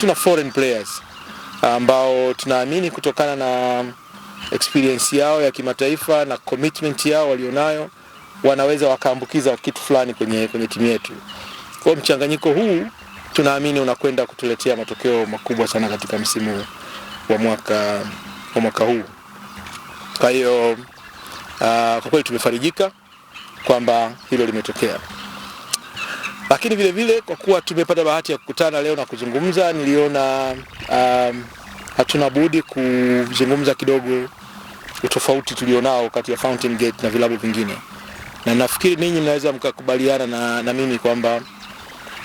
Tuna foreign players ambao tunaamini kutokana na experience yao ya kimataifa na commitment yao walionayo wanaweza wakaambukiza kitu fulani kwenye, kwenye timu yetu. Kwa mchanganyiko huu tunaamini unakwenda kutuletea matokeo makubwa sana katika msimu wa mwaka, wa mwaka huu. Kwa hiyo uh, kwa kweli tumefarijika kwamba hilo limetokea. Lakini vile vile kwa kuwa tumepata bahati ya kukutana leo na kuzungumza, niliona um, hatuna budi kuzungumza kidogo utofauti tulionao kati ya Fountain Gate na vilabu vingine, na nafikiri ninyi mnaweza mkakubaliana na, na mimi kwamba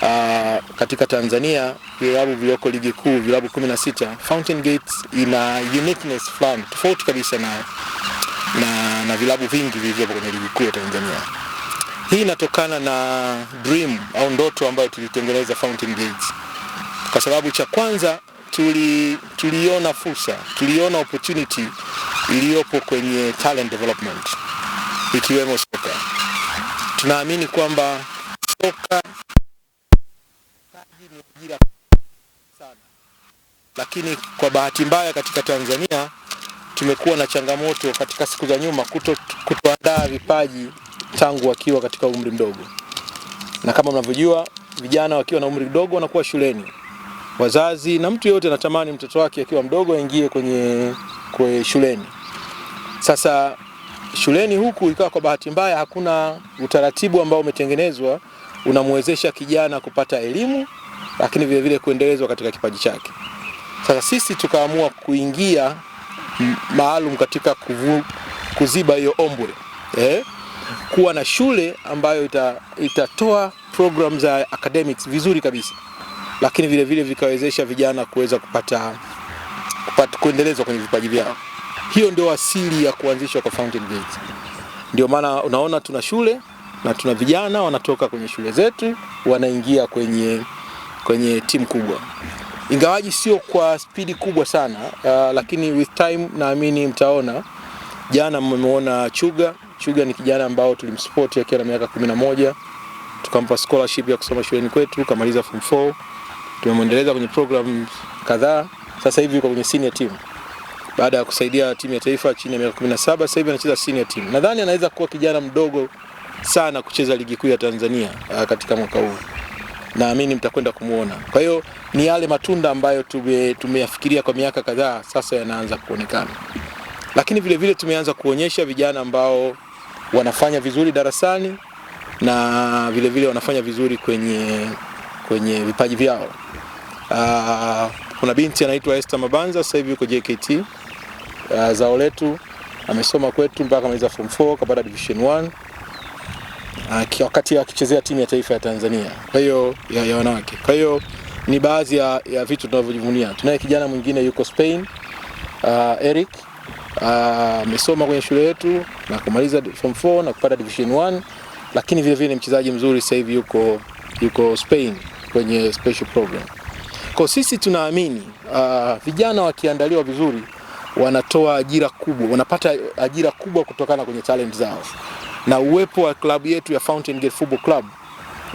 uh, katika Tanzania vilabu vilioko ligi kuu vilabu 16 Fountain Gate ina uniqueness fulani tofauti kabisa na, na, na vilabu vingi vilivyopo kwenye ligi kuu ya Tanzania. Hii inatokana na dream au ndoto ambayo tulitengeneza Fountain Gates, kwa sababu cha kwanza tuli, tuliona fursa, tuliona opportunity iliyopo kwenye talent development ikiwemo soka. Tunaamini kwamba soka ni ajira sana, lakini kwa bahati mbaya katika Tanzania tumekuwa na changamoto katika siku za nyuma kuto, kutoandaa vipaji tangu wakiwa katika umri mdogo, na kama mnavyojua vijana wakiwa na umri mdogo wanakuwa shuleni. Wazazi na mtu yeyote anatamani mtoto wake akiwa mdogo aingie kwenye, kwe shuleni. Sasa shuleni huku ikawa kwa bahati mbaya hakuna utaratibu ambao umetengenezwa unamwezesha kijana kupata elimu, lakini vile vile kuendelezwa katika kipaji chake. Sasa sisi tukaamua kuingia maalum katika kuvu, kuziba hiyo ombwe eh? kuwa na shule ambayo ita, itatoa program za academics vizuri kabisa, lakini vile vile vikawezesha vijana kuweza kupata, kupata kuendelezwa kwenye vipaji vyao. Hiyo ndio asili ya kuanzishwa kwa Fountain Gate. Ndio maana unaona tuna shule na tuna vijana wanatoka kwenye shule zetu wanaingia kwenye, kwenye timu kubwa ingawaji sio kwa spidi kubwa sana uh, lakini with time naamini mtaona. Jana mmeona Chuga Chuga ni kijana ambao tulimsupport akiwa na miaka 11 tukampa scholarship ya kusoma shuleni kwetu, kamaliza form 4, tumemwendeleza kwenye program kadhaa. Sasa hivi yuko kwenye senior team baada ya kusaidia timu ya taifa chini ya miaka 17. Sasa hivi anacheza senior team. Nadhani anaweza kuwa kijana mdogo sana kucheza ligi kuu ya Tanzania ah, katika mwaka huu, naamini mtakwenda kumuona. Kwa hiyo ni yale matunda ambayo tumeyafikiria kwa miaka kadhaa, sasa yanaanza kuonekana, lakini vile vile tumeanza kuonyesha vijana ambao wanafanya vizuri darasani na vilevile vile wanafanya vizuri kwenye, kwenye vipaji vyao. Ah, kuna binti anaitwa Esther Mabanza sasa hivi yuko JKT ah, zao letu amesoma kwetu mpaka amaliza form 4 kapata division 1 ah, wakati akichezea timu ya taifa ya Tanzania kwa hiyo ya, ya wanawake. Kwa hiyo ni baadhi ya, ya vitu tunavyojivunia. Tunaye kijana mwingine yuko Spain uh, Eric Ah, amesoma kwenye shule yetu na kumaliza form 4 na kupata division 1, lakini vile vile ni mchezaji mzuri, sasa hivi yuko yuko Spain kwenye special program. Kwa sisi tunaamini uh, vijana wakiandaliwa vizuri wanatoa ajira kubwa, wanapata ajira kubwa kutokana kwenye talent zao, na uwepo wa klabu yetu ya Fountain Gate Football Club,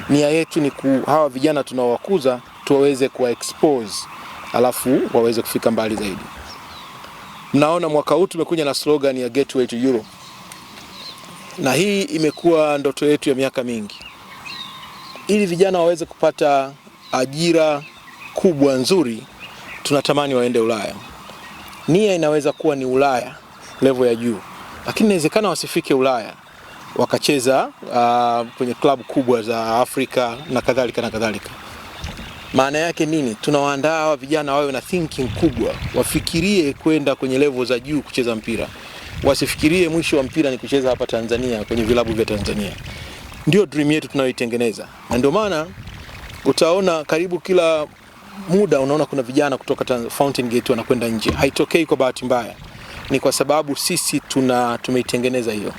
nia yetu ni ku, hawa vijana tunaowakuza tuwaweze kuwa expose alafu waweze kufika mbali zaidi. Mnaona mwaka huu tumekuja na slogan ya Gateway to Europe, na hii imekuwa ndoto yetu ya miaka mingi, ili vijana waweze kupata ajira kubwa nzuri. Tunatamani waende Ulaya, nia inaweza kuwa ni Ulaya level ya juu, lakini inawezekana wasifike Ulaya wakacheza uh, kwenye klabu kubwa za Afrika na kadhalika na kadhalika. Maana yake nini? Tunawaandaa hawa vijana wawe na thinking kubwa, wafikirie kwenda kwenye level za juu kucheza mpira, wasifikirie mwisho wa mpira ni kucheza hapa Tanzania kwenye vilabu vya Tanzania. Ndio dream yetu tunayoitengeneza, na ndio maana utaona karibu kila muda unaona kuna vijana kutoka Fountain Gate wanakwenda nje. Haitokei kwa bahati mbaya, ni kwa sababu sisi tuna tumeitengeneza hiyo,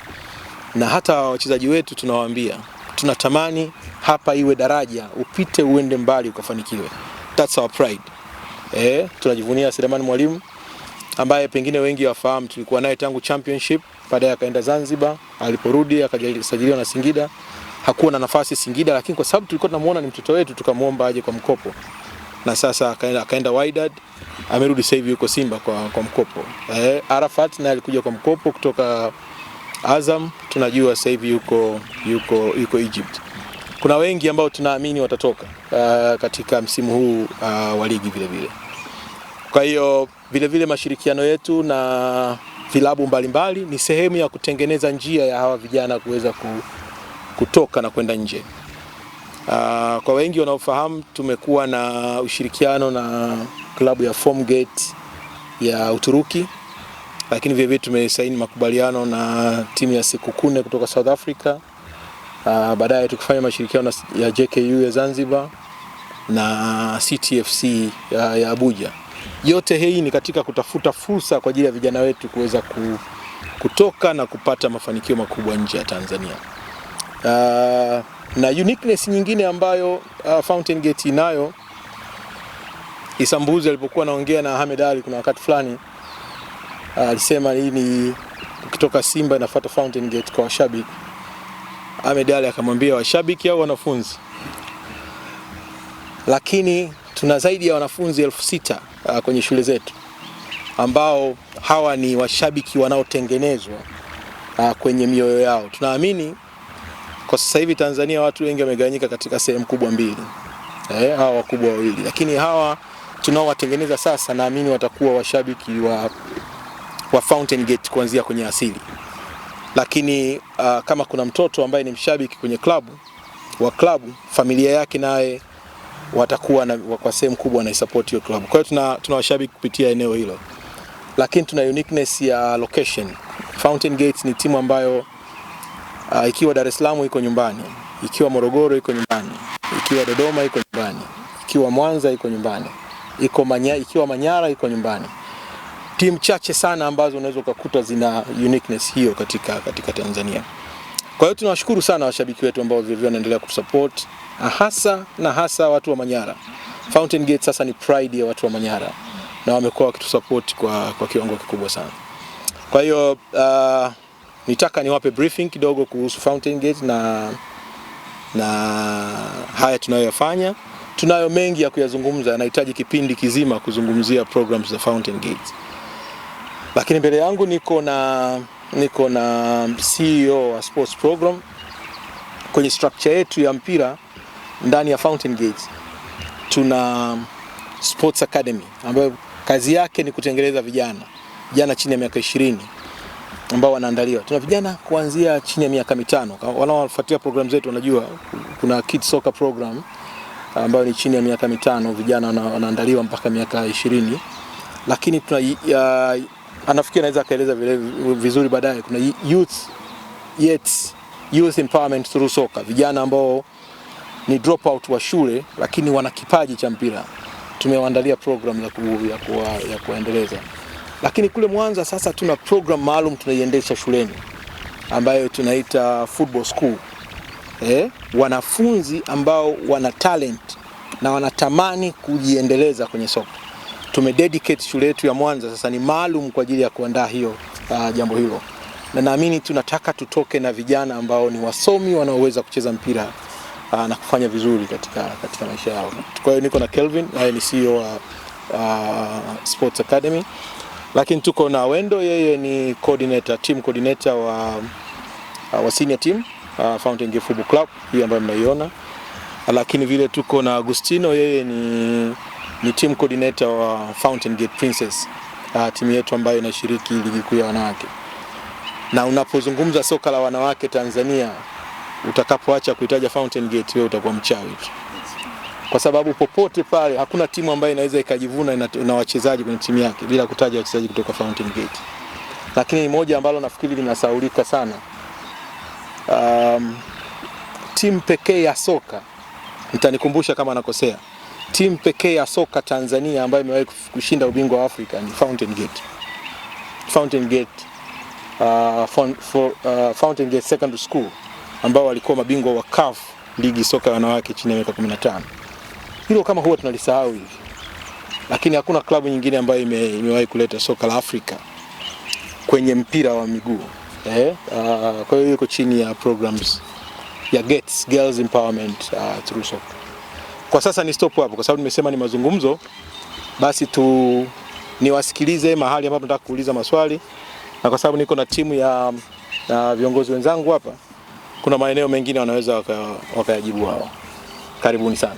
na hata wachezaji wetu tunawaambia tunatamani hapa iwe daraja upite uende mbali ukafanikiwe. That's our pride. Eh, tunajivunia Selemani Mwalimu ambaye pengine wengi wafahamu, tulikuwa naye tangu championship, baadaye akaenda Zanzibar, aliporudi akajisajiliwa na Singida. Hakuwa na nafasi Singida, lakini kwa sababu tulikuwa tunamuona ni mtoto wetu tukamwomba aje kwa mkopo, na sasa akaenda, akaenda Wydad, amerudi sasa hivi yuko Simba kwa, kwa mkopo. Eh, Arafat naye alikuja kwa mkopo kutoka Azam tunajua sasa hivi yuko, yuko, yuko Egypt. Kuna wengi ambao tunaamini watatoka uh, katika msimu huu uh, wa ligi vile vile. Kwa hiyo vile vile mashirikiano yetu na vilabu mbalimbali ni sehemu ya kutengeneza njia ya hawa vijana kuweza kutoka na kwenda nje. Uh, kwa wengi wanaofahamu tumekuwa na ushirikiano na klabu ya Formgate ya Uturuki lakini vile tumesaini makubaliano na timu ya siku kune kutoka South Africa. Uh, baadaye tukifanya mashirikiano ya JKU ya Zanzibar na CTFC ya, ya Abuja. Yote hii ni katika kutafuta fursa kwa ajili ya vijana wetu kuweza kutoka na kupata mafanikio makubwa nje ya Tanzania. Uh, na uniqueness nyingine ambayo uh, Fountain Gate inayo, Isambuzi alipokuwa anaongea na Hamed Ali kuna wakati fulani Ah, alisema hii ni kutoka Simba inafuata Fountain Gate kwa washabiki. Ahmed Ally akamwambia washabiki au wanafunzi, lakini tuna zaidi ya wanafunzi elfu sita uh, kwenye shule zetu ambao hawa ni washabiki wanaotengenezwa uh, kwenye mioyo yao. Tunaamini kwa sasa hivi Tanzania watu wengi wamegawanyika katika sehemu kubwa mbili, eh, hawa wakubwa wawili, lakini hawa tunaowatengeneza sasa naamini watakuwa washabiki wa wa Fountain Gate kuanzia kwenye asili. Lakini uh, kama kuna mtoto ambaye ni mshabiki kwenye klabu wa klabu, familia yake naye watakuwa na, kwa sehemu kubwa wanaisupport hiyo klabu. Kwa hiyo tuna, tuna washabiki kupitia eneo hilo, lakini tuna uniqueness ya location. Fountain Gate ni timu ambayo uh, ikiwa Dar es Salaam iko nyumbani, ikiwa Morogoro iko nyumbani, ikiwa Dodoma iko nyumbani, ikiwa Mwanza iko nyumbani, iko Manya, ikiwa Manyara iko nyumbani timu chache sana ambazo unaweza ukakuta zina uniqueness hiyo katika, katika Tanzania. Kwa hiyo tunawashukuru sana washabiki wetu ambao vilevile wanaendelea kusupport hasa na hasa watu wa Manyara. Fountain Gate sasa ni pride ya watu wa Manyara na wamekuwa wakitusupport kwa, kwa kiwango kikubwa sana. Kwa hiyo uh, nitaka niwape briefing kidogo kuhusu Fountain Gate na, na haya tunayoyafanya. Tunayo mengi ya kuyazungumza, yanahitaji kipindi kizima kuzungumzia programs za Fountain Gate. Lakini mbele yangu niko na niko na CEO wa sports program kwenye structure yetu ya mpira ndani ya Fountain Gate. Tuna sports academy ambayo kazi yake ni kutengeneza vijana vijana chini ya miaka ishirini ambao wanaandaliwa. Tuna vijana kuanzia chini ya miaka mitano. Wanaofuatia program zetu wanajua kuna kids soccer program ambayo ni chini ya miaka mitano, vijana wanaandaliwa mpaka miaka ishirini, lakini tuna uh, anafikiri anaweza akaeleza vizuri baadaye. Kuna youth yet youth empowerment through soka, vijana ambao ni out wa shule lakini wana kipaji cha mpira, tumewaandalia program ya, ku, ya, ku, ya kuendeleza. Lakini kule Mwanza sasa tuna program maalum tunaiendesha shuleni ambayo tunaita football school eh, wanafunzi ambao wana talent na wanatamani kujiendeleza kwenye soka tumededicate shule yetu ya Mwanza sasa ni maalum kwa ajili ya kuandaa hiyo uh, jambo hilo, na naamini tunataka tutoke na vijana ambao ni wasomi wanaoweza kucheza mpira uh, na kufanya vizuri katika, katika maisha yao. Kwa hiyo niko na Kelvin, yeye ni CEO wa uh, uh, Sports Academy, lakini tuko na Wendo, yeye ni coordinator, team coordinator wa, uh, wa senior team uh, Fountain Gate Football Club hii ambayo mnaiona, lakini vile tuko na Agustino, yeye ni ni team coordinator wa Fountain Gate Princess, uh, timu yetu ambayo inashiriki ligi kuu ya wanawake. Na unapozungumza soka la wanawake Tanzania, utakapoacha kuitaja Fountain Gate, wewe utakuwa mchawi kwa sababu popote pale hakuna timu ambayo inaweza ikajivuna na, na wachezaji kwenye timu yake bila kutaja wachezaji kutoka Fountain Gate. Lakini moja ambalo nafikiri linasaulika sana, um, timu pekee ya soka, nitanikumbusha kama nakosea timu pekee ya soka Tanzania ambayo imewahi kushinda ubingwa wa Afrika ni Fountain Gate. Fountain Gate, uh, for, for, uh, Fountain Gate Secondary School ambao walikuwa mabingwa wa CAF ligi soka ya wanawake chini ya miaka 15. Hilo kama huwa tunalisahau hivi, lakini hakuna klabu nyingine ambayo imewahi kuleta soka la Afrika kwenye mpira wa miguu eh. Uh, kwa hiyo yuko chini ya programs ya Gates Girls Empowerment uh, through soccer. Kwa sasa ni stop hapo, kwa sababu nimesema ni mazungumzo, basi tu niwasikilize mahali ambapo nataka kuuliza maswali, na kwa sababu niko na timu ya, na viongozi wenzangu hapa, kuna maeneo mengine wanaweza wakayajibu waka wao. Karibuni sana.